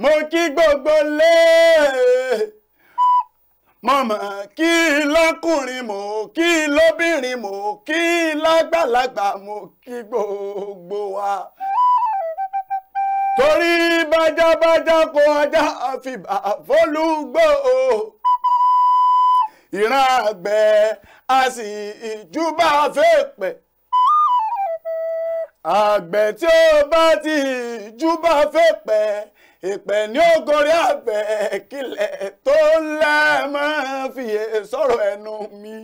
mo kí gbogbo lé mọ̀mọ́ kí lọ́kùnrin mo kí lóbìnrin mo kí lágbàlagbà mo kí gbogbo wa torí bájábájá kó ajá àfìbà fólúgbò ìran àgbẹ̀ a sì ìjúbà fèpè àgbẹ̀ tí ó bá ti ìjúbà fèpè. ìpẹ́ ní ògòrí àbẹ̀ kílẹ̀ tó lẹ́ máa fìyè sọ̀rọ̀ ẹnu mi.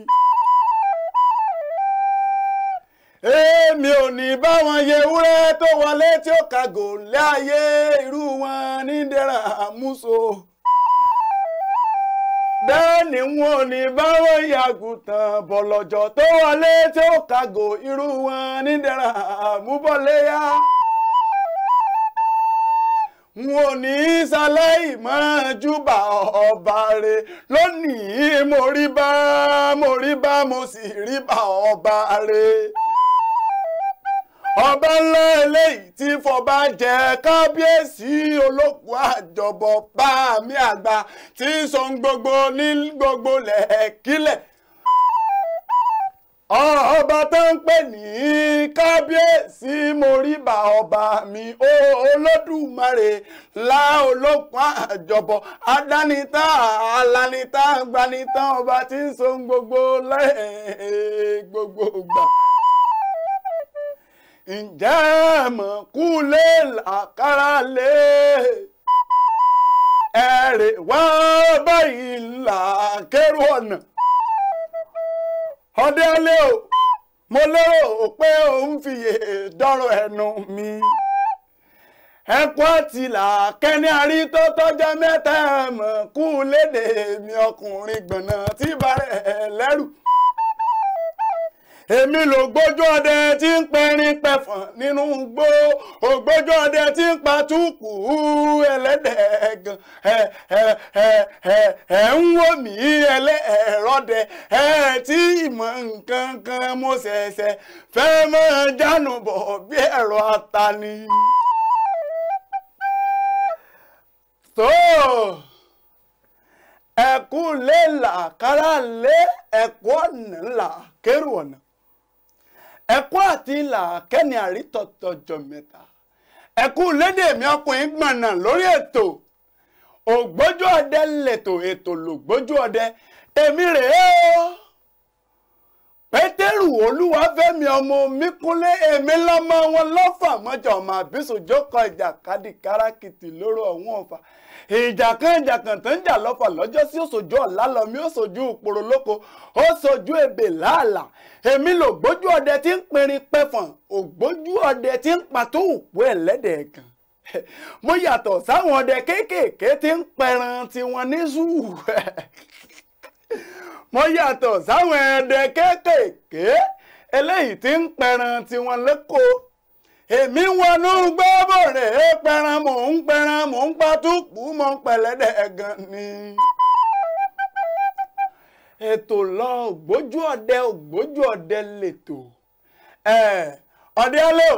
èmi ò ní bá wọn yẹ ewúrẹ́ tó wọlé tí ó kàgò láàyè irú wọn ní dẹ́ra àmúso. bẹ́ẹ̀ ni wọn ò ní bá wọn yẹ àgùntàn bọ̀lọ̀jọ̀ tó wọlé tí ó kàgò irú wọn ní dẹ́ra àmúbọ̀léyà. n ò ní í ṣaláì máa júbà ọba re lónìí mo rí bá mo rí bá mo sì rí bá ọba re ọba ńlá eléyìí tí fọba jẹ kábíyèsí olókùn àjọbọ bá mi àgbà tí sọ gbogbo ní gbogbo lẹ́ẹ̀kílẹ̀ ọba tó ń pè ní kábíyèsí moríba ọba mi olódùmarè láolókun àjọbọ adánitá alánitá gbanitá ọba tí ń so gbogbo lẹ́ẹ̀ gbogbo gbà ǹjẹ́ mọ̀kúlé làkàrà lé ẹ̀rẹ̀ wá báyìí là ọ̀nà ọdẹ ọlẹ́ o mo lérò pé òun fìyè dọ́rọ̀ ẹnu mi ẹkún àtìlà kẹ́ni àrí tó tọ́jọ́ mẹ́ta ẹ̀mọ̀ kú léde mi ọkùnrin gbọ̀nà tí bá rẹ̀ lẹ́rù. èmi lò gbójú ọdẹ tí ń pẹrin pẹfọn nínú igbó ògbójú ọdẹ tí ń pa gan ẹ ẹ ẹ ẹ ń wò mí ẹlẹ́ẹ̀rọ̀dẹ ẹ tí ìmọ̀ nǹkan kan mo atani. tó lé ọ̀nà là ẹkún àti ìlà kẹ́ni àrítọ̀tọ̀ jọ mẹ́ta ẹkún lédè mi ọkùnrin gbọ̀nà lórí ètò ògbójú ọdẹ lètò ètò lògbójú ọdẹ èmi rèé o pétérù olúwàfẹ́mi ọmọ omíkúnlé èmi lọ́mọ wọn lọ́fà mọ́jọ ọmọ àbísùn jókòó ìjà kádìkárà lóró ọ̀hún ọ̀fà ìjà kan ìjà kan tó ń jà lọ́fà lọ́jọ́ sí òṣòjú ọ̀la lọ́mí òṣòjú ìpòrò lóko ó ṣojú ebè láàlà èmi lògbójú ọdẹ tí ń pinrin pẹ̀fọ̀n ògbójú ọdẹ tí ń pàtó òpó ẹlẹ́dẹ̀ẹ́ kan mo yàtọ̀ sáwọn ọdẹ kéékèèké tí ń pẹran tiwọn ní zuu mo yàtọ̀ sáwọn ọdẹ kéékèèké eléyìí tí ń pẹran tiwọn lẹ́kọ̀ọ́ èmi ń wọnú gbọ́bọ̀ rẹ̀ é pẹran mò ń pẹran mò ń patú kú mọ́ pẹ̀lẹ́dẹ̀ ẹ̀gàn ni. ètò lọ ògbójú ọdẹ ògbójú ọdẹ lètò ọdẹ ọlọ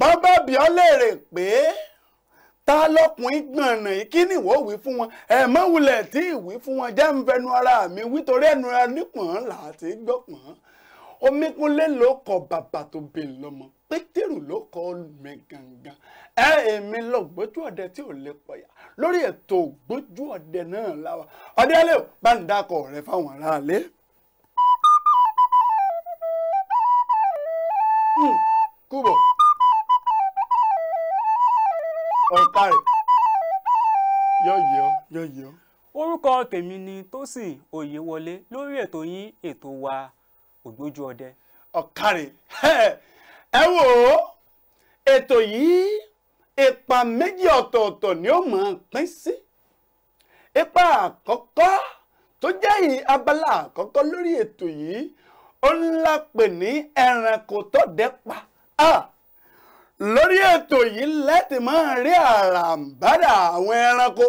bàbá bí ọ léèrè pé ta lọkùnrin gbọ̀nà yìí kí ni ìwọ wí fún wọn ẹ mọ wulẹ̀ tí ìwí fún wọn jẹ́ ń ara mi wí ẹnu ra nípọ̀n láti gbọ́pọ̀n omi kúnlé ló kọ bàbà tó bè lọ́mọ pétérù ló kọ mi gangan ẹ èmi lọ gbójú ọdẹ tí ò lè pọyà lórí ètò gbójú ọdẹ náà láwa ọdẹ lè bá ń dákọ rẹ fáwọn aráalé. Hmm, kúbọ̀ ọ̀ka rẹ̀ yọ̀yọ̀ yọ̀yọ̀. orúkọ tèmi ni Tósìn Oyèwọlé lórí ètò yín ètò wa ògbójú ọdẹ. ọ̀ka rẹ̀ ẹ wò ó ètò yìí ipa méjì ọ̀tọ̀ọ̀tọ̀ ni ó máa pín sí ipa àkọ́kọ́ tó jẹ́ yìí abala àkọ́kọ́ lórí ètò yìí ó ń la pè ní ẹranko tó dẹ́pa lórí ètò yìí láti máa rí àràǹbádà àwọn ẹranko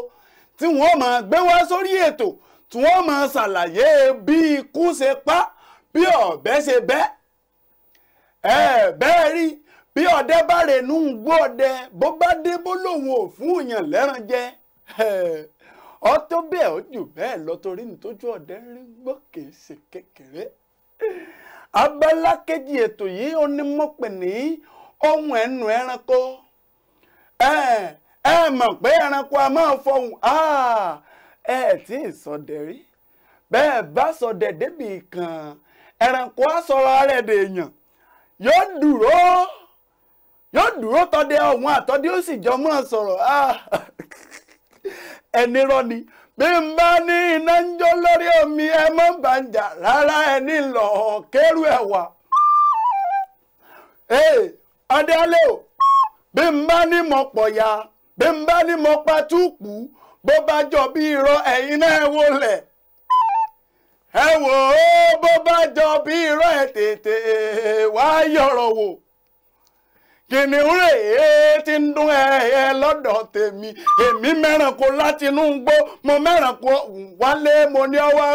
tí wọ́n máa gbé wá sórí ètò tí wọ́n máa ṣàlàyé bí ikú ṣe pa bí ọ̀bẹ ṣe bẹ́ẹ̀. ẹ bẹ́ẹ̀ rí bí ọdẹ bá rè nú ń gbó ọdẹ bó bá dé bó lòun ò fún èèyàn lẹ́ran jẹ ọ tó bẹ́ẹ̀ ó jù bẹ́ẹ̀ lọ torí nítòjú ọdẹ rí gbọ́ kìí ṣe kékeré abala kejì ètò yìí ó ní mo pè ní ohun ẹnu ẹranko ẹ ẹ mọ̀ pé ẹranko a máa fọhùn ẹ tí ì sọdẹ rí bẹ́ẹ̀ bá sọdẹ débi kan ẹranko á sọrọ ara ẹ̀ dèèyàn. yóò dúró yóò dúró ọ̀hún ó sì jọ mọ́ sọ̀rọ̀ ah. ẹni rọ ni bí n bá ní iná ń lórí omi ẹ mọ́ rárá ẹni lọ kẹrù ẹ̀ wá. o bí n bá ní mọ̀ pọ̀ ya bí n bá ní pa túùpù bó bá ẹ wò ó bó bá jọ bí irọ́ ẹ̀ tètè wá yọ̀rọ̀ wò kìnìún rèé ti ń dún ẹ lọ́dọ̀ tèmi èmi mẹ́rànkó láti inú gbó mo mẹ́rànkó wálé mo ní ọwọ́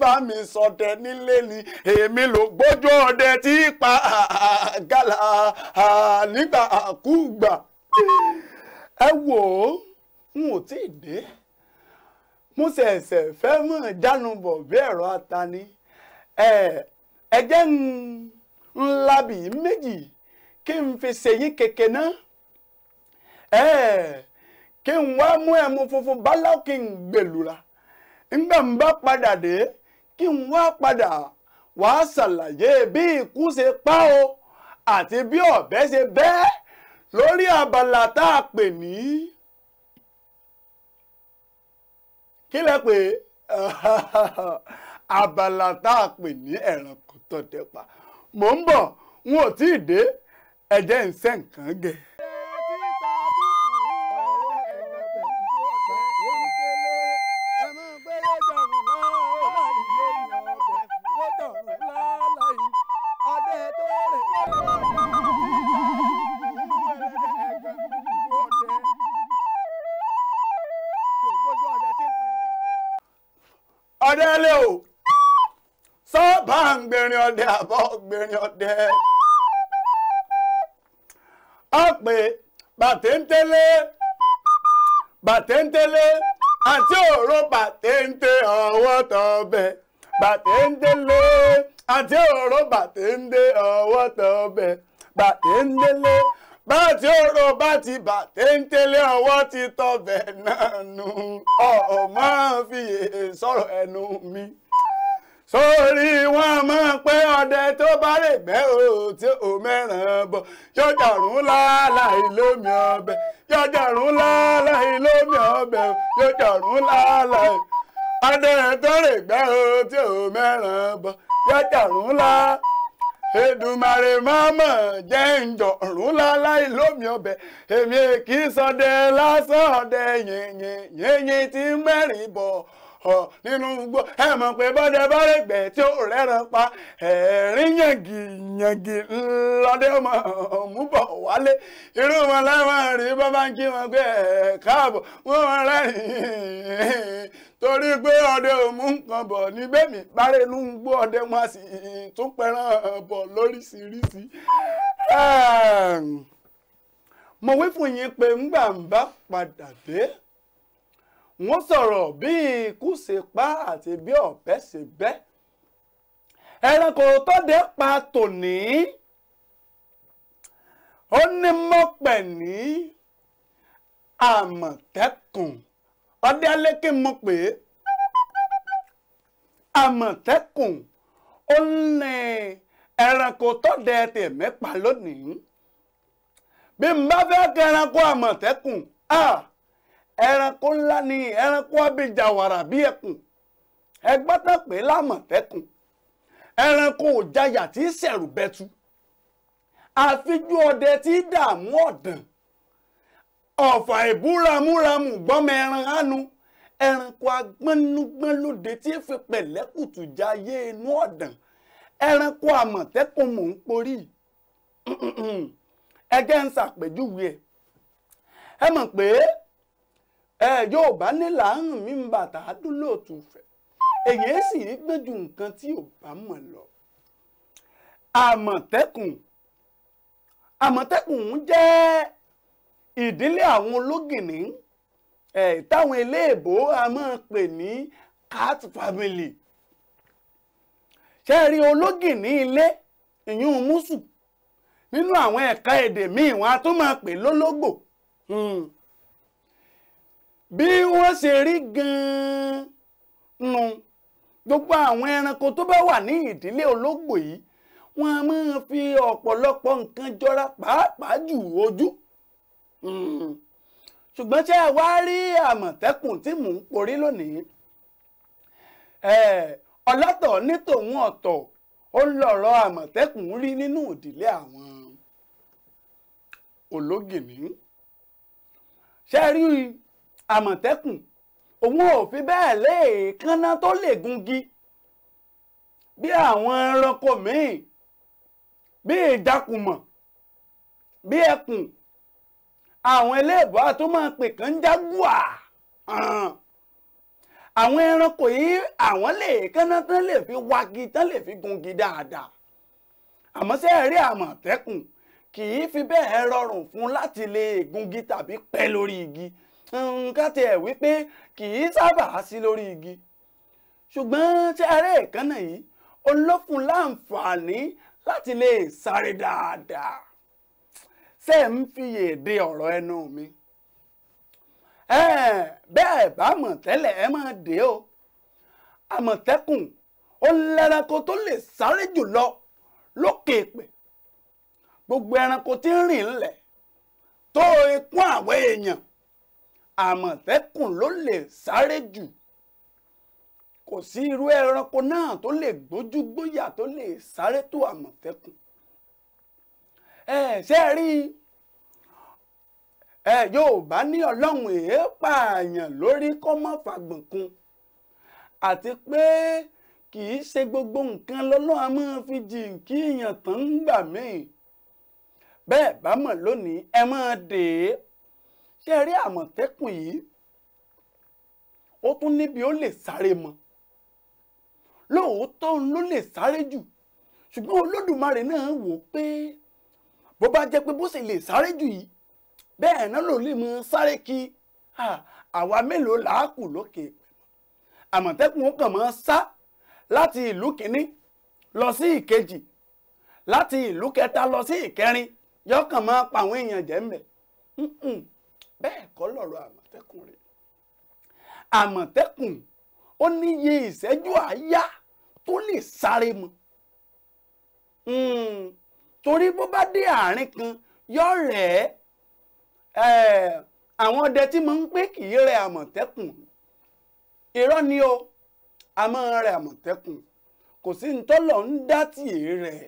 bá mi ṣọdẹ nílé ni èmi ló gbójú ọdẹ tí pa gàlà nígbàkúgbà ẹ wò ó n ò tí ì dé. mo ṣẹ̀ṣẹ̀ fẹ́ mọ̀ dánu bọ̀ bí ẹ̀rọ atani ẹ̀jẹ̀ ńlá bì méjì kí n fi ṣèyí kẹ̀kẹ́ náà kí n wá mú ẹmu funfun báláwo kí n gbèlúra ńgbà ń bá padà dé kí n wá padà pa o àti bí ọ̀bẹ ṣe bẹ́ lórí abala tá a pè ní. kí lẹ pé abala tá a pè ní ẹranko tó dẹpa mò ń bọ̀ n ò tí ì dé ẹ̀jẹ̀ ń sẹ́ nǹkan gẹ̀ẹ́. ọdẹ lé o sọ́ọ̀bà ń gbèrin ọdẹ àbọ̀ gbèrin ọdẹ ọ̀pẹ bàtẹ́ńtẹ́lẹ́ bàtẹ́ńtẹ́lẹ́ àti òró bàtẹ́ńtẹ́ ọwọ́ tọ́bẹ̀ bàtẹ́ńtẹ́lẹ́ àti òró bàtẹ́ńtẹ́ ọwọ́ tọ́bẹ̀ bá ti ọ̀rọ̀ bá ti bà téńtélé ọwọ́ ti tọbẹ̀ náà nu ọ̀ máa ń fi sọ̀rọ̀ ẹnu mi sórí wọn máa pẹ́ ọdẹ tó bá lè gbẹ́ o tí o mẹ́ràn bọ̀ yọjà rún láláì lómi ọbẹ̀ yọjà rún láláì lómi ọbẹ̀ yọjà rún láláì ọdẹ tó lè gbẹ́ o tí o mẹ́ràn bọ̀ yọjà rún láláì. Èdùmàrè mọ́mọ́ jẹ́ ǹjọ̀rún láláì lómi ọbẹ̀ èmi kì í sọdẹ lásán ọdẹ yìnyín yìnyín tí ń mẹ́rin bọ̀. ọ̀ nínú gbogbo ẹ mọ̀ pé bọ́dẹ bọ́dẹ gbẹ̀ tí ó rẹ́ran pa ẹ̀rín yàngì yàngì ńlọdẹ ọmọ mú bọ̀ wálé irú wọn láwọn rí bàbá ń kí wọn pé ẹ̀ wọn rẹ́rìn torí pé ọdẹ òmù nǹkan bọ̀ níbẹ̀ mi bárẹ̀ ń ọdẹ wọn sì tún bọ̀ wọ́n sọ̀rọ̀ bí ikú ṣe pa àti bí ọ̀bẹ ṣe bẹ́ ẹranko tó dé pa tòní ó ní mọ̀pẹ̀ ní àmọ̀tẹ́kùn ọdẹ alékè mọ̀ pé àmọ̀tẹ́kùn ó ní ẹranko tó dé tèmi pa lónìí bí n bá fẹ́ kẹranko àmọ̀tẹ́kùn ah ẹranko ńlá ni ẹranko abìjà wàrà bí ẹkùn ẹgbẹ́ tán pé lámọ̀tẹ́kùn ẹranko òjayà tí í ṣẹ̀rù bẹ́tu àfijú ọdẹ tí í dààmú ọ̀dàn ọ̀fà ìbúramúramù gbọ́mọ ẹran ánu ẹranko agbọ́núgbọ́nlóde tí í fi pẹ̀lẹ́kùtù jayé inú ọ̀dàn ẹranko àmọ̀tẹ́kùn mò ń porí ẹgẹ́ ń ṣàpèjúwe ẹ mọ̀ pé. ẹ ọba bá ní làáhùn mi ń bàtà èyí sì rí gbẹ́jú nǹkan tí ò bá mọ̀ lọ. àmọ̀tẹ́kùn àmọ̀tẹ́kùn jẹ́ ìdílé àwọn ní cat family ṣe ilé ìyún nínú àwọn ẹ̀ka èdè míì pè lólógbò. Hmm. bí wọ́n ṣe rí gan-an nu gbogbo àwọn ẹranko tó bá wà ní ìdílé ológbò yìí wọ́n á máa fi ọ̀pọ̀lọpọ̀ nǹkan jọra pàápàá jù ojú hmm. ṣùgbọ́n ṣé ẹ wá rí àmọ̀tẹ́kùn tí mò ń porí lónìí ọlọ́tọ̀ ní tòun ọ̀tọ̀ ó ń lọ̀rọ̀ àmọ̀tẹ́kùn rí nínú ìdílé àwọn ológìní ṣe rí i àmọ̀tẹ́kùn òun ò fi bẹ́ẹ̀ léèkánná tó lè gungi bí àwọn ẹranko míì bí ìdàkùmọ̀ bí ẹkùn àwọn eléèbó tó máa pè kàn ń jágùà àwọn ẹranko yìí àwọn léèkánná tán lè fi wagi tán lè fi gungi dáadáa àmọ́ sẹ́ẹ̀ rí àmọ̀tẹ́kùn kì í fi bẹ́ẹ̀ rọrùn fún láti lè gungi tàbí pẹ́ lórí igi nǹkan tiẹ̀ wípé kì í sábà sí lórí igi ṣùgbọ́n tí aré ìkànnà yìí olófun láǹfààní láti lè sáré dáadáa ṣe ń fiyè de ọ̀rọ̀ ẹnu mi bẹ́ẹ̀ bá mọ̀ tẹ́lẹ̀ ẹ máa dé o àmọ̀tẹ́kùn ó lẹ́ranko tó lè sáré jùlọ lókè èpè gbogbo ẹranko tí ń rìn ńlẹ̀ tó ikún àwẹ̀ èèyàn àmọ̀tẹ́kùn ló lè sáré jù kò sí irú ẹranko náà tó lè gbójú gbóyà tó lè sáré tó àmọ̀tẹ́kùn ẹ ṣe rí ẹ yóò bá ní ọlọ́run èé pààyàn lórí kọ́ mọ́ fàgbọ̀n kun àti pé kì í ṣe gbogbo nǹkan lọ́lọ́ a máa fi jì kí èèyàn tán ń gbà míì bẹ́ẹ̀ bá mọ̀ lónìí ẹ máa dè é tẹ́rí àmọ̀tẹ́kùn yìí ó tún níbi ó lè sáré mọ́ lóòótọ́ ló lè sáré jù ṣùgbọ́n olódùmarè náà wò pé bó bá jẹ́ pé bó ṣe lè sáré jù yìí bẹ́ẹ̀ náà ló lè mọ sáré kí àwa mélòó làákù lókè àmọ̀tẹ́kùn ó kàn mọ́ sá láti ìlú kìíní lọ sí ìkejì láti ìlú kẹta lọ sí ìkẹrin yọkàn máa pa àwọn èèyàn jẹ́ ń bẹ̀ bẹ́ẹ̀ kọ́ lọ̀rọ̀ àmọ̀tẹ́kùn rẹ̀ àmọ̀tẹ́kùn ó níye ìṣẹ́jú àáyá tó lè sáré mu hmm, torí bó bá dé àárín kan yọ rẹ̀ ẹ́ àwọn ọdẹ tí mo ń pè kì í rẹ̀ àmọ̀tẹ́kùn irọ́ ni o a máa rẹ̀ àmọ̀tẹ́kùn kò sí ntọ́lọ̀ ń dá tì í rẹ̀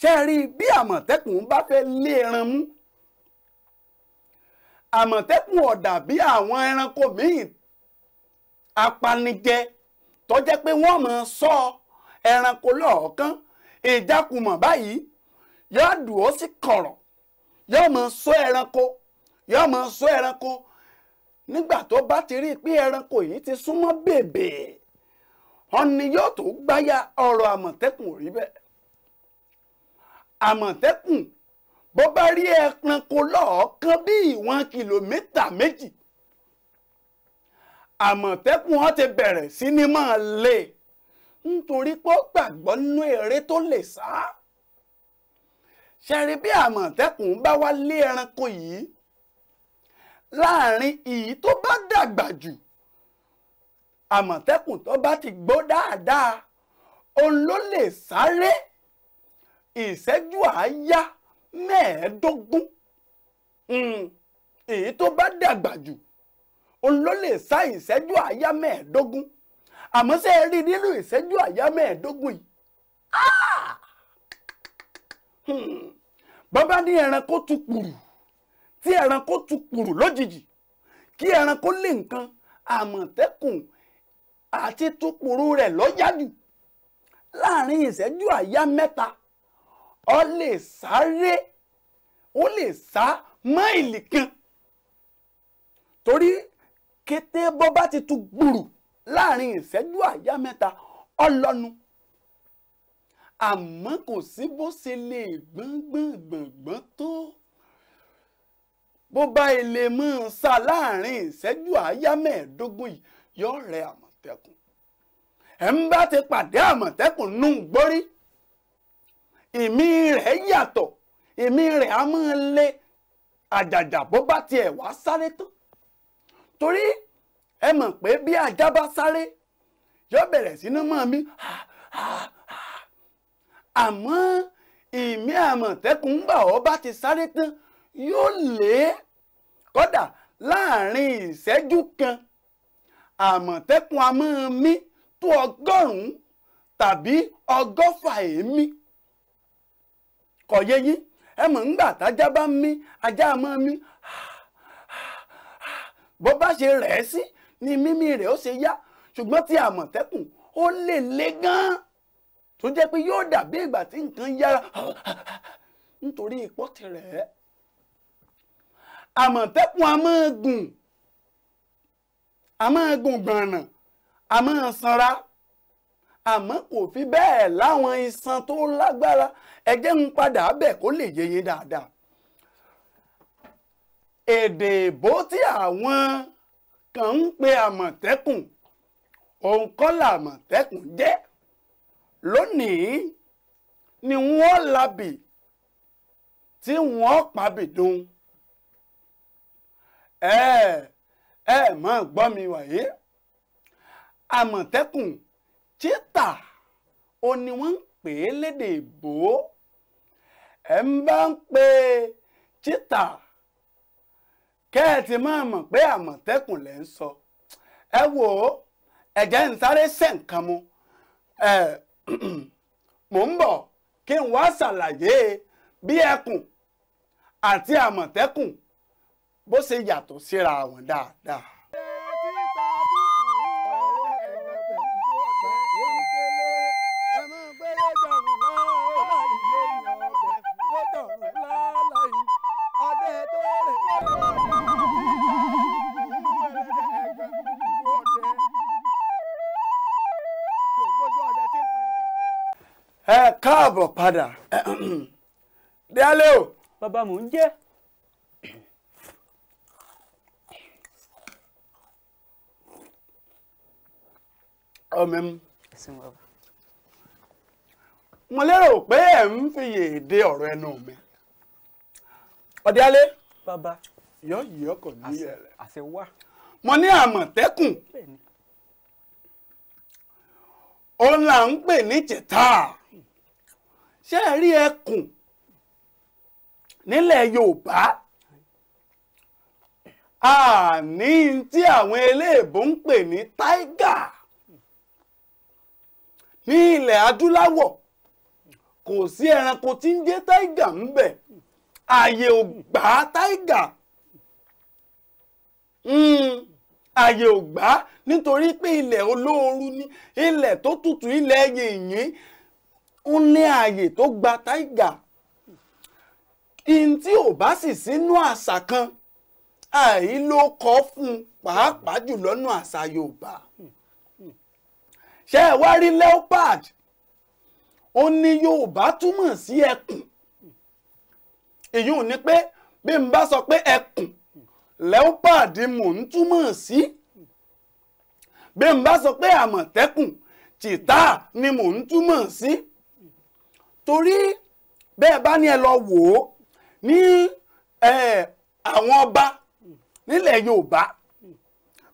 ṣe rí bí àmọ̀tẹ́kùn bá fẹ́ lé ẹran mú àmọ̀tẹ́kùn ọ̀dà bí àwọn ẹranko míì apanijẹ tó jẹ́ pé wọ́n mọ̀ sọ ẹranko lọ́ọ̀kan ìjákùmọ̀ báyìí yóò dùn ó sí kọ̀rọ̀ yóò mọ̀ sọ ẹranko yóò mọ̀ sọ ẹranko nígbà tó bá ti rí i pé ẹranko yìí ti súnmọ́ bèbè ọ̀ni yóò tó gbáyà ọ̀rọ̀ àmọ̀tẹ́kùn rí bẹ́ẹ̀ àmọ̀tẹ́kùn bó bá rí ẹranko lọ́ọ̀kan bí ìwọ̀n kìlómítà méjì àmọ̀tẹ́kùn wọn ti bẹ̀rẹ̀ sí ní máa lé nítorí pé ó gbàgbọ́ nínú eré tó lè sá ṣẹ́rí bí àmọ̀tẹ́kùn bá wá lé ẹranko yìí láàrin ìyí tó bá dàgbà jù àmọ̀tẹ́kùn tó bá ti gbó dáadáa òun ló lè sáré ìṣẹ́jú àáyá mẹ́ẹ̀ẹ́dógún hmm. èyí tó bá dàgbà jù òun ló lè sá ìṣẹ́jú àáyá mẹ́ẹ̀ẹ́dógún àmọ́ ṣé ẹ rí nínú ìṣẹ́jú àáyá mẹ́ẹ̀ẹ́dógún yìí ah! hmm. bàbá ní ẹranko tu kùrù tí ẹranko tu kùrù lójijì kí ẹranko lé nǹkan àmọ̀tẹ́kùn àti tukùrù rẹ̀ lọ́yájú láàrin ìṣẹ́jú àáyá mẹ́ta ọ lè sáré ó lè sá máìlì kan torí kété bọ́ bá ti tu gbùrù láàrin ìṣẹ́jú àyá mẹ́ta ọlọ́nu àmọ́ kò sí bó ṣe lè gbọ́ngbọ́ngbọ́ngbọ́n tó bó bá ilé mọ́ ń sá láàrin ìṣẹ́jú àyá mẹ́ẹ̀ẹ́dógún yìí yọ rẹ àmọ̀tẹ́kùn ẹ̀ ń bá ti pàdé àmọ̀tẹ́kùn nù gbórí ìmí rẹ̀ yàtọ̀ ìmí rẹ̀ á máa lé àjàjà bó bá tiẹ̀ wá sáré tán torí ẹ mọ̀ pé bí ajá bá sáré yóò bẹ̀rẹ̀ sí ní mọ̀ mí àmọ́ ìmí àmọ̀tẹ́kùn ń bà ọ́ bá ti sáré tán yóò lé kódà láàrin ìṣẹ́jú kan àmọ̀tẹ́kùn a máa mí tó ọgọ́rùn-ún tàbí ọgọ́fà èémí. E kọ̀ yé yín ẹ mọ̀ ńgbà tájá bá ń mí ajá máa mí bó bá ṣe rẹ̀ ẹ́ sí ni mímí rẹ̀ ó ṣe yá ṣùgbọ́n ti àmọ̀tẹ́kùn ó lè le gan tó jẹ́ pé yóò dàbí ìgbà tí nǹkan yára nítorí ipò ti ẹ́ àmọ̀tẹ́kùn a máa gùn a máa gùn gbọ̀nà a àmọ́ kò fi bẹ́ẹ̀ láwọn iṣan tó lágbára ẹ jẹ́ ń padà bẹ̀ kó lè yé yín dáadáa. èdè ìbò tí àwọn kan ń pe àmọ̀tẹ́kùn òun kọ́ làmọ̀tẹ́kùn jẹ́ lónìí ni wọ́n labì tí wọ́n pàbìdùn ẹ ẹ mọ̀ gbọ́ mi wàyí àmọ̀tẹ́kùn. E, títà o ní wọ́n ń pè é lédè ìbò ẹ̀ ń bá ń pè títà kẹ́ ẹ ti máa mọ̀ pé àmọ̀tẹ́kùn lẹ́ ń sọ ẹ wò ó ẹ̀jẹ̀ ń sáré ṣe nǹkan mu ẹ̀ mò ń bọ̀ kí n wá ṣàlàyé bí ẹkùn àti àmọ̀tẹ́kùn bó ṣe yàtọ̀ síra wọn dáadáa. káàbọ̀ padà díálé o. bàbá mò ń jẹ́. ọmọ mi mo lérò pé ẹ̀ ń fìyè dé ọ̀rọ̀ ẹnu mi ọ̀díálé. bàbá. yọ yìí ọkọ ní ẹrẹ. àṣẹ wá. mo ní àmọ̀tẹ́kùn òun là ń pè ní jẹ̀tà. ṣé ẹ rí ẹkùn nílẹ̀ yorùbá àní tí àwọn eléèbó ń pè ní táígà ní ilẹ̀ adúláwọ̀ kò sí ẹranko tí ń jẹ́ táígà ń bẹ̀ àyè ò gbà táígà hmm, àyè ò gbà nítorí pé ilẹ̀ olóoru ni ilẹ̀ tó tutù ilẹ̀ yìnyín ń ní ààyè tó gba táìgà ihun tí ò bá sì sínú àṣà kan àì ló kọ́ fún pàápàá jùlọ nù àṣà Yorùbá ṣé ẹ wá rí leopard ó ní Yorùbá túmọ̀ sí ẹkùn ìyún ni pé bí n bá sọ pé ẹkùn leopard mò ń túmọ̀ sí bí n bá sọ pé àmọ̀tẹ́kùn chita ni mò ń túmọ̀ sí. Si torí bẹ́ẹ̀ bá ní ẹ lọ wò ó ní àwọn ọba nílẹ̀ Yorùbá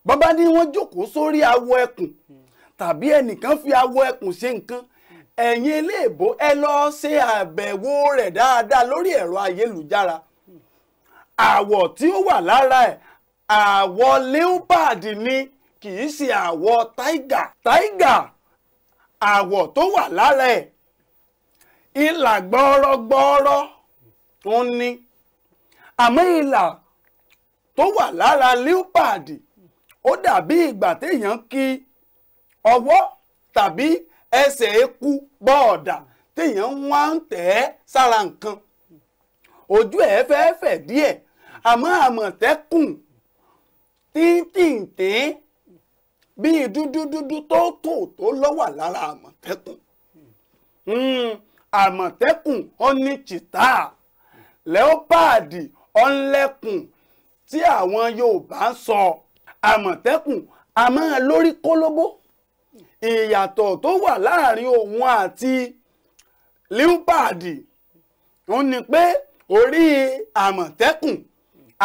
bàbá ní wọ́n jókòó sórí awọ ẹkùn tàbí ẹnìkan fi awọ ẹkùn ṣe nǹkan ẹ̀yin eléèbó ẹ lọ ṣe àbẹ̀wò rẹ̀ dáadáa lórí ẹ̀rọ ayélujára àwọ̀ tí ó wà lára ẹ̀ àwọ̀ leopard ni kì í ṣe àwọ̀ tiger tiger àwọ̀ tó wà lára ẹ̀ ìlà gbọ́ọ́rọ́gbọ́ọ́rọ́ òun ni àmọ́ ìlà tó wà lára liupadi ó dàbí ìgbà téèyàn kí ọwọ́ tàbí ẹsẹ̀ eku bọ́ọ̀dà téèyàn wá ń tẹ̀ ẹ́ sára nǹkan ojú ẹ̀ fẹ́ẹ́fẹ́ díẹ̀ àmọ́ àmọ̀tẹ́kùn tíntìntín bíi dúdú tó tò tó lọ́wà lára àmọ̀tẹ́kùn. Hmm. àmọ̀tẹ́kùn ó ní chita lẹ́ọ́pàdì ọ̀nlẹ́kùn tí àwọn Yorùbá ń sọ àmọ̀tẹ́kùn a máa lórí kólóbó ìyàtọ̀ tó wà láàrin òun àti leopard ó ní pé orí àmọ̀tẹ́kùn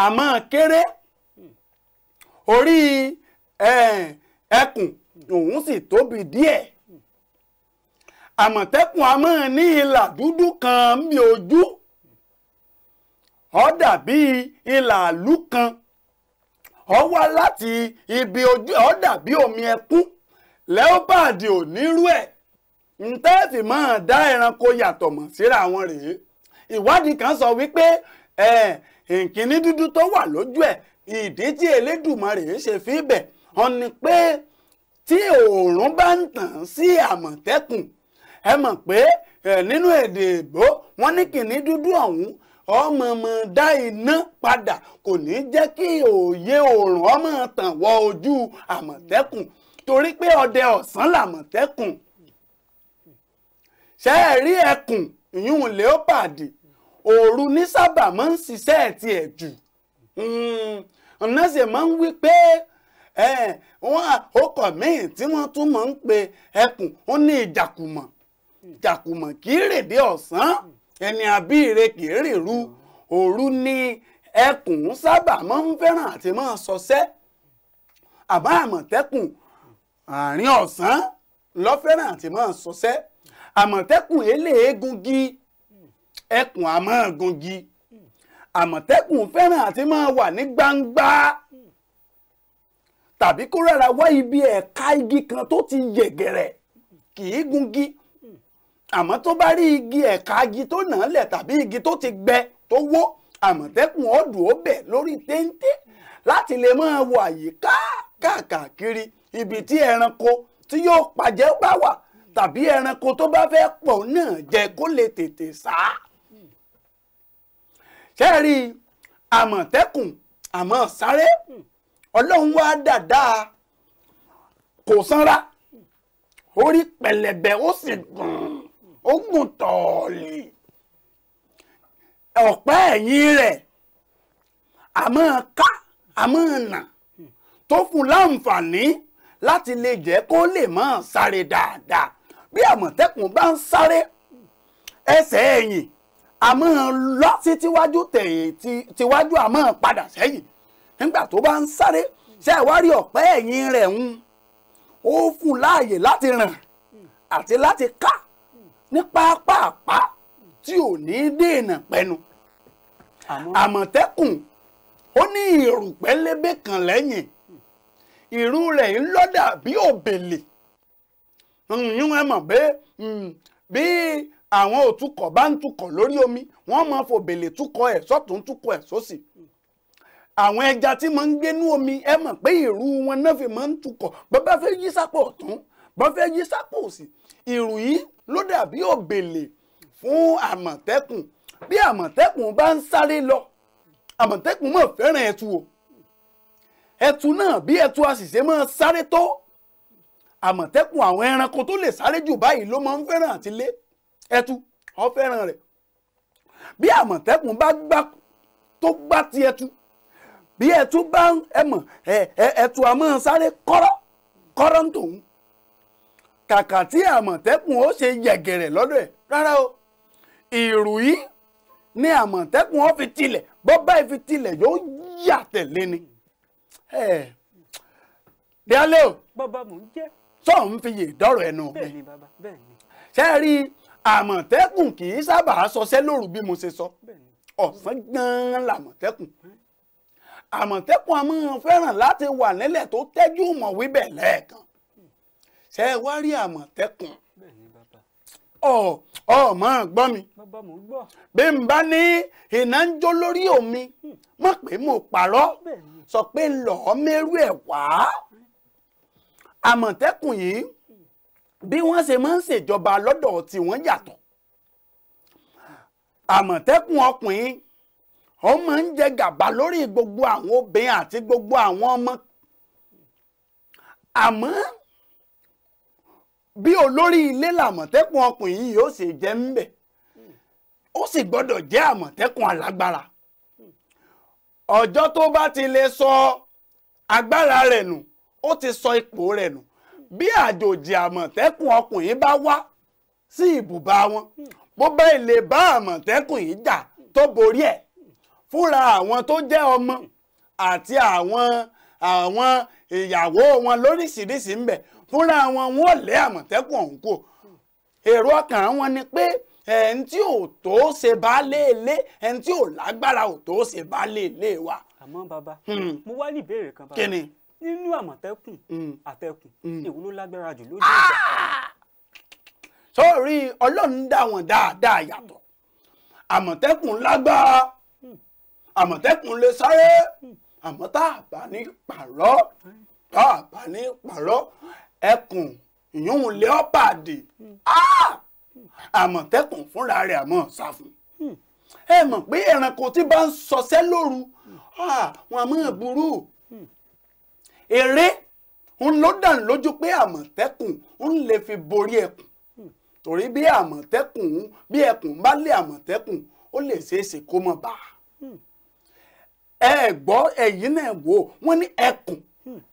a máa kéré orí eh, ẹkùn òun sì tóbi díẹ̀ àmọ̀tẹ́kùn a máa ní ìlà dúdú kan ń bi ojú ó dàbí ìlà àlú kan ó wá láti ibi ojú ó dàbí omi ẹkún leopard ò nírú ẹ̀ ntẹ́ẹ̀fì máa dá ẹranko yàtọ̀ mọ̀ síra wọn rèé ìwádìí kan sọ wípé nkíní dúdú tó wà lójú ẹ̀ ìdí tí Elédùmarè ṣe fi bẹ̀ ọ ni pé tí oòrùn bá ń tàn sí àmọ̀tẹ́kùn ẹ mọ̀ pé nínú èdè èbó wọ́n ní kìnní dúdú ọ̀hún ọmọ ọmọ dá iná padà kò ní jẹ́ kí òye oòrùn ọmọ tàn wọ ojú àmọ̀tẹ́kùn torí pé ọdẹ ọ̀sán làmọ̀tẹ́kùn ṣe é rí ẹkùn ìyún leopard òru ní sábà máa ń ṣiṣẹ́ ẹ̀tì ẹ̀ jù hmm, ọ̀nà ṣe máa ń wí pé wọ́n àkókò míì tí wọ́n tún máa ń pe ẹkùn ó ní ìjàkùmọ̀ jàkùmọ̀ kì í rèdè ọ̀sán ẹni àbíire kì í rèru òru ni ẹkùn sábà máa ń fẹ́ràn àti máa sọsẹ́ àbá àmọ̀tẹ́kùn àárín ọ̀sán lọ́fẹ́ràn àti máa sọsẹ́ àmọ̀tẹ́kùn eléegungi ẹkùn àmọ́ gungi àmọ̀tẹ́kùn fẹ́ràn àti máa wà ní gbangba tàbí kó rárá wá ibi ẹ̀ka igi kan tó ti yẹ̀gẹ̀rẹ̀ kì í gungi àmọ́ tó bá rí igi ẹ̀ka igi tó nà án lẹ̀ tàbí igi tó ti gbẹ tó wó àmọ̀tẹ́kùn ọ̀dùn ó bẹ̀ lórí téńté láti lè máa wo àyíká káàkiri ibi tí ẹranko tí yóò pàjẹ́ bá wà tàbí ẹranko tó bá fẹ́ pọ̀ náà jẹ kó lè tètè sá. ṣé ẹ rí àmọ̀tẹ́kùn àmọ́ sáré ọlọ́run wá dáadáa kò sanra orí pẹ̀lẹ̀bẹ̀ ó sì gùn ó gùn tọ̀ọ̀lì ọ̀pẹ́ ẹ̀yìn rẹ̀ àmọ́ ká àmọ́ nà tó fún láǹfààní láti lè jẹ́ kó lè máa sáré dáadáa bí àmọ̀tẹ́kùn bá ń sáré ẹsẹ̀ ẹ̀yìn àmọ́ lọ sí tíwájú tẹ̀yìn tíwájú àmọ́ padà sẹ́yìn nígbà tó bá ń sáré ṣe ìwárí ọ̀pẹ́ ẹ̀yìn rẹ̀ ń ó fún láàyè láti rìn àti láti ká ní pápápá tí ò ní dènà pẹnu àmọ̀tẹ́kùn ó ní ìrù pẹ́lẹ́bẹ́ kan lẹ́yìn ìrù rẹ̀ ń lọ́dà bí òbèlè hmm, yún ẹ mọ̀ pé hmm, bí àwọn òtúkọ̀ bá ń túkọ̀ lórí omi wọ́n máa fòbèlè túkọ̀ ẹ̀ sọ́tún túkọ̀ ẹ̀ sósì àwọn ẹja tí máa ń gbénú omi ẹ mọ̀ pé ìrù wọn náà fi máa ń túkọ̀ bọ́ bá fẹ́ yí sápò ọ̀tún bọ́ fẹ́ yí sápò òsì ìrù yìí ló dàbí òbèlè fún àmọ̀tẹ́kùn bí àmọ̀tẹ́kùn bá ń sáré lọ àmọ̀tẹ́kùn mọ̀ fẹ́ràn ẹtu o ẹtu náà bí ẹtu àṣìṣe máa sáré tó àmọ̀tẹ́kùn àwọn ẹranko tó lè sáré jù báyìí ló máa ń fẹ́ràn àti lé ẹtu ó fẹ́ràn rẹ̀ bí àmọ̀tẹ́kùn bá gbá tó gbá ti ẹtu bí ẹtu bá ẹmọ̀ ẹtu àmọ́ sáré kọ́rọ́ kọ́rọ́ ń tòun kàkà tí àmọ̀tẹ́kùn ó ṣe yẹ̀gẹ̀rẹ̀ lọ́dọ̀ ẹ̀ rárá o ìrù yìí ni àmọ̀tẹ́kùn ó fi tilẹ̀ bọ́ báyìí fi tilẹ̀ yóò yà tẹ̀lé ni. díálé o bàbá mò ń jẹ́ sọ ń fi yè dọ́rọ̀ ẹnu mi ṣe é rí àmọ̀tẹ́kùn kì í sábà sọṣẹ́ lóru bí mo ṣe sọ ọ̀sán gan-an làmọ̀tẹ́kùn àmọ̀tẹ́kùn a máa fẹ́ràn láti wà nílẹ̀ tó tẹ́jú mọ̀ wíbẹ̀ lẹ́ẹ̀kan ṣe é wá rí àmọ̀tẹ́kùn ọ ọmọ gbọ́ mi bí n bá ní iná ń jó lórí omi mọ̀ hmm. pé mo parọ́ sọ pé lọ́ọ́ mẹ́rù ẹ̀ wá àmọ̀tẹ́kùn yìí bí wọ́n ṣe máa ń ṣèjọba lọ́dọ̀ tí wọ́n yàtọ̀ àmọ̀tẹ́kùn ọkùnrin ó máa ń jẹ gàba lórí gbogbo àwọn obìnrin àti gbogbo àwọn ọmọ àmọ́. Ama bí olórí ilé làmọ̀tẹ́kùn ọkùnrin yìí ó sì jẹ́ ń bẹ̀ ó sì gbọ́dọ̀ jẹ́ àmọ̀tẹ́kùn alágbára ọjọ́ tó bá ti lè sọ agbára rẹ̀ nù ó ti sọ ipò rẹ̀ nù bí àjòjì àmọ̀tẹ́kùn ọkùnrin bá wá sí ibùba wọn bó bá ilé bá àmọ̀tẹ́kùn yìí jà tó borí ẹ̀ fúnra àwọn tó jẹ́ ọmọ àti àwọn àwọn ìyàwó wọn lóríṣiríṣi ń bẹ fúnra wọn wọn ò lé àmọ̀tẹ́kùn ọ̀hún kò èrò ọkàn wọn ni pé ẹni tí ò tó ṣe baálé ilé ẹni tí ò lágbára ò tó ṣe baálé ilé wa. àmọ́ bàbá hmm. mo wá ní ìbéèrè kan bàbá ni nínú àmọ̀tẹ́kùn hmm. àtẹ̀kùn hmm. èwo ló lágbára jù lójú ah! ìjà. sọ́ọ̀rí ọlọ́run dá wọn dáadáa yàtọ̀ àmọ̀tẹ́kùn lágbára àmọ̀tẹ́kùn lè sáré àmọ́ tá a bá ní pàrọ̀ tá a bá ní pàrọ̀ ẹkùn ìyóhùn lẹ́ọ́pàdì ah! àmọ̀tẹ́kùn fúnra rẹ̀ àmọ́ ṣàfùn hmm. ẹ mọ̀ pé ẹranko tí bá ń sọsẹ́ lóru ah, wọn àmọ́ burú hmm. eré ń ló dàn lójú pé àmọ̀tẹ́kùn ń lè fi borí ẹkùn hmm. torí bí àmọ̀tẹ́kùn bí ẹkùn bá lé àmọ̀tẹ́kùn ó lè ṣeéṣe kó mọ̀ bá ẹ gbọ́ ẹ̀yìn náà wò wọ́n ní ẹkùn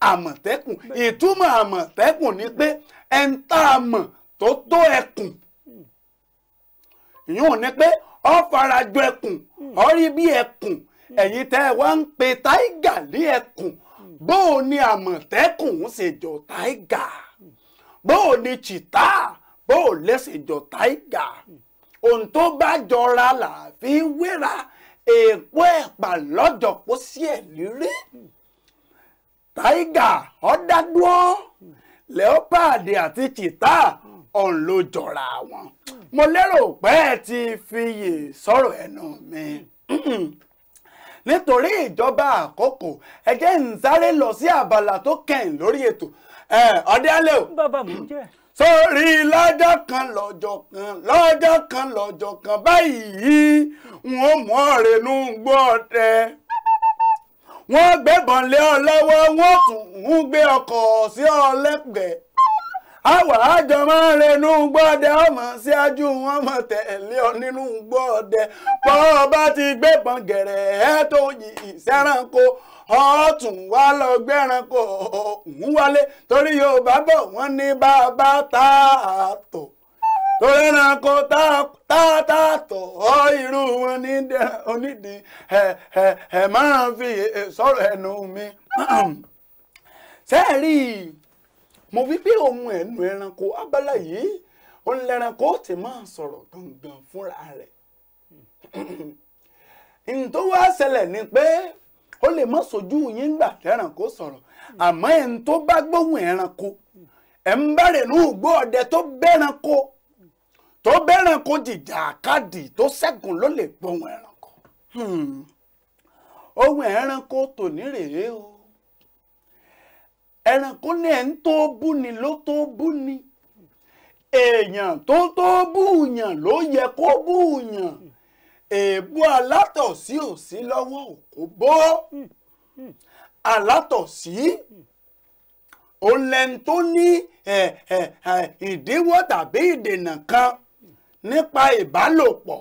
àmọ̀tẹ́kùn ìtumọ̀ àmọ̀tẹ́kùn ni pé ẹni tá a mọ̀ tó tó ẹkùn ìyún ni pé ọ farajọ ẹkùn ọ rí bí ẹkùn ẹ̀yin tẹ́ ẹ wá ń pe táìgà ní ẹkùn bóò ni àmọ̀tẹ́kùn ń ṣèjọ táìgà bóò ni chìtá bóò lẹ́sẹ̀jọ táìgà ohun tó bá jọra là fi wéra èèpo ẹ̀pà lọ́jọ́ kó sí ẹ̀ lérè. Mm. tiger ọ̀dàdúró leopard àti cheetah ọ̀n ló jọra wọn mo lérò pé ẹ ti fiyè sọ̀rọ̀ ẹnu mi nítorí ìjọba àkókò ẹ jẹ́ ń sáré lọ sí àbàlà tó kẹyìn lórí ètò ẹ ọ̀dẹ́lẹ̀ o. sórí lọ́jọ́ kan lọjọ kan lọjọ kan lọ́jọ́ kan báyìí n ó mọ̀ ọ́ rẹ̀ ló ń wọ́n gbébọn lé ọ lọ́wọ́ wọ́n tún ń gbé ọkọ̀ sí ọ lẹ́gbẹ̀ẹ́ àwa àjọ máa ń renú gbọ́dẹ ọmọ síájú wọn mọ̀ tẹ̀lé ọ nínú gbọ́dẹ bọ́ bá ti gbébọn gẹ̀rẹ́ ẹ tó yìí sẹ́ranko ọ̀tún wá lọ gbẹ́ranko ọ̀hún wálé torí Yorùbá bọ̀ wọ́n ní bàbá tààtò. torí ẹranko tààtàtọ̀ ọ irú wọn onídìí ẹ ẹ ẹ máa fi sọ̀rọ̀ ẹnu mi. sẹ́ẹ̀rì mo fi ohun ẹnu ẹranko abala yìí ó ń lẹ́ranko máa sọ̀rọ̀ gangan fúnra rẹ̀. n tó wá ṣẹlẹ̀ ni pé ó lè má sojú yín gbà sọ̀rọ̀ àmọ́ ẹ̀ ń tó bá gbóhùn ẹranko ẹ̀ ń bá rẹ̀ tó bẹ́ràn kó jìjà àkàdì tó ṣẹ́gun ló lè gbóhùn ẹranko hmm. ohun ẹranko tòní rèé o ẹranko ní ẹ̀ ń tó bú ni ló tó bú ni èèyàn tó tó búùyàn ló yẹ kó búùyàn èèbú alátọ̀sí ò sí lọ́wọ́ òkú bó alátọ̀sí òun lẹ́ni tó ní ìdíwọ́ tàbí ìdènà kan nípa ìbálòpọ̀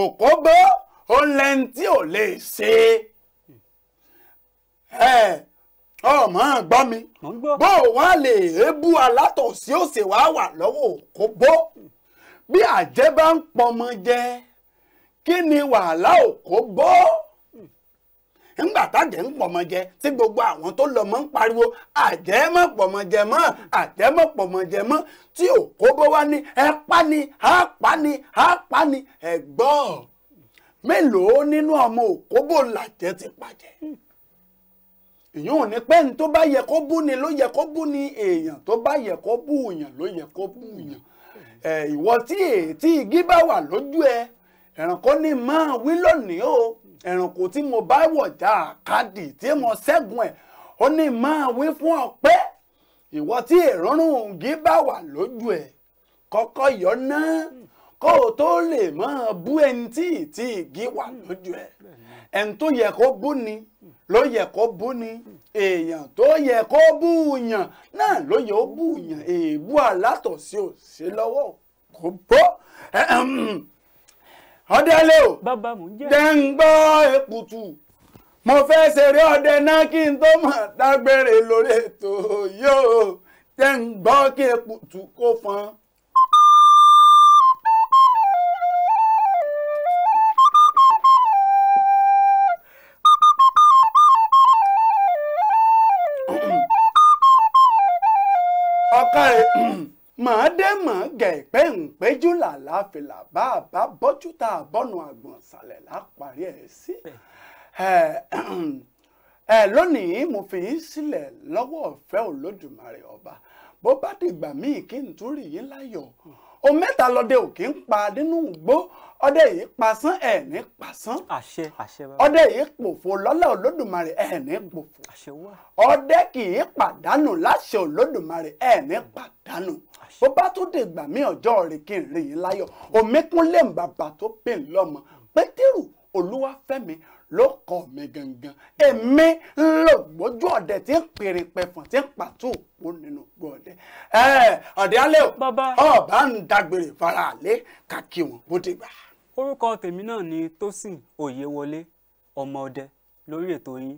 òkóbó òǹlẹ́ni tí ò lè ṣe ẹ ọmọ gbọ́ mi bó wá lè ébú alátọ̀sí òsè wá wà lọ́wọ́ òkóbó bí àjẹ́ bá ń pọmọ jẹ kí ni wàhálà òkóbó ńgbà tájẹ̀ ń pọ̀mọ jẹ tí gbogbo àwọn tó lọ mọ́ ń pariwo àjẹmọ́ pọ̀mọ jẹ mọ́ àjẹmọ́ pọ̀mọ jẹ mọ́ tí òkó bó wá ní ẹ pa ni á pa ni á pa ni ẹ gbọ́ mélòó nínú ọmọ òkó làjẹ ti pàjẹ́ ìyóò ní pé ní tó bá yẹ kó bú ni ló yẹ kó bú ni èèyàn tó bá yẹ kó bú èèyàn ló yẹ kó bú èèyàn ìwọ tí ètí igi bá wà lójú ẹ ẹranko ní máa wí lónìí o ẹ̀rànkò tí mo bá wọ̀ já àkádì tí mo ṣẹ́gun ẹ̀ ó ní máa wí fún ọ pé ìwọ tí ìrúnrúngi bá wà lójú ẹ̀ kọ́kọ́ yọ náà kó o tó lè máa bú ẹni tí ìtì ìgí wà lójú ẹ̀ ẹni tó yẹ kó bú ni ló yẹ kó bú ni èèyàn tó yẹ kó bú yàn náà ló yẹ ó bú yàn èèbú alátọ̀sí ò sí lọ́wọ́ kò bó ọdẹlẹ o jẹ ń gbọ́ èkùtù mo fẹ́ ṣeré ọdẹ náà kí n tó mọ̀ dágbére lórí ètò yóò jẹ ń kí èkùtù kó fọn. ọkàrẹ̀ màá dé màá gẹ̀ pé ǹpẹ́jú làláfìlà bá a bá bọ́jú tá a bọ́nu àgbọ̀n ṣàlẹ̀ láparí ẹ̀ sí. ẹ lónìí mo fi yín sílẹ̀ lọ́wọ́ ọ̀fẹ́ olódùmarè ọba bó bá dìgbà míì kí n tún rí yín láyọ̀ o mẹ́ta lọ́dẹ òkè ń pa nínú ìgbó ọdẹ yìí pasán ẹ̀ẹ̀ní pasán àṣẹ àṣẹ ọdẹ yìí pòfo lọ́lá olódùmarè ẹ̀ẹ̀ní pòfo àṣẹ wá ọdẹ kì í pàdánù láṣẹ olódùmarè ẹ̀ẹ̀ní pàdánù bó bá tún dìgbà mí ọjọ́ rẹ̀ kí n rìn yín láyọ̀ òmíkúnlẹ̀ bàbá tó pè ń lọ́mọ pétérù olúwafẹ́mi lọ́kọ̀ mi gangan èmi lọ́gbọ́jú ọ̀dẹ tí ń pèrè pẹ̀fọ̀n tí ń pàtó òpó nínú gbọ́ ọ̀dẹ. ọ̀dẹ alẹ́ o ọba ń dágbére fara àlẹ́ kàkí wọn bó ti gbà. orúkọ tèmi náà ni Tósìn Òyewọlé ọmọ ọdẹ lórí ètò yín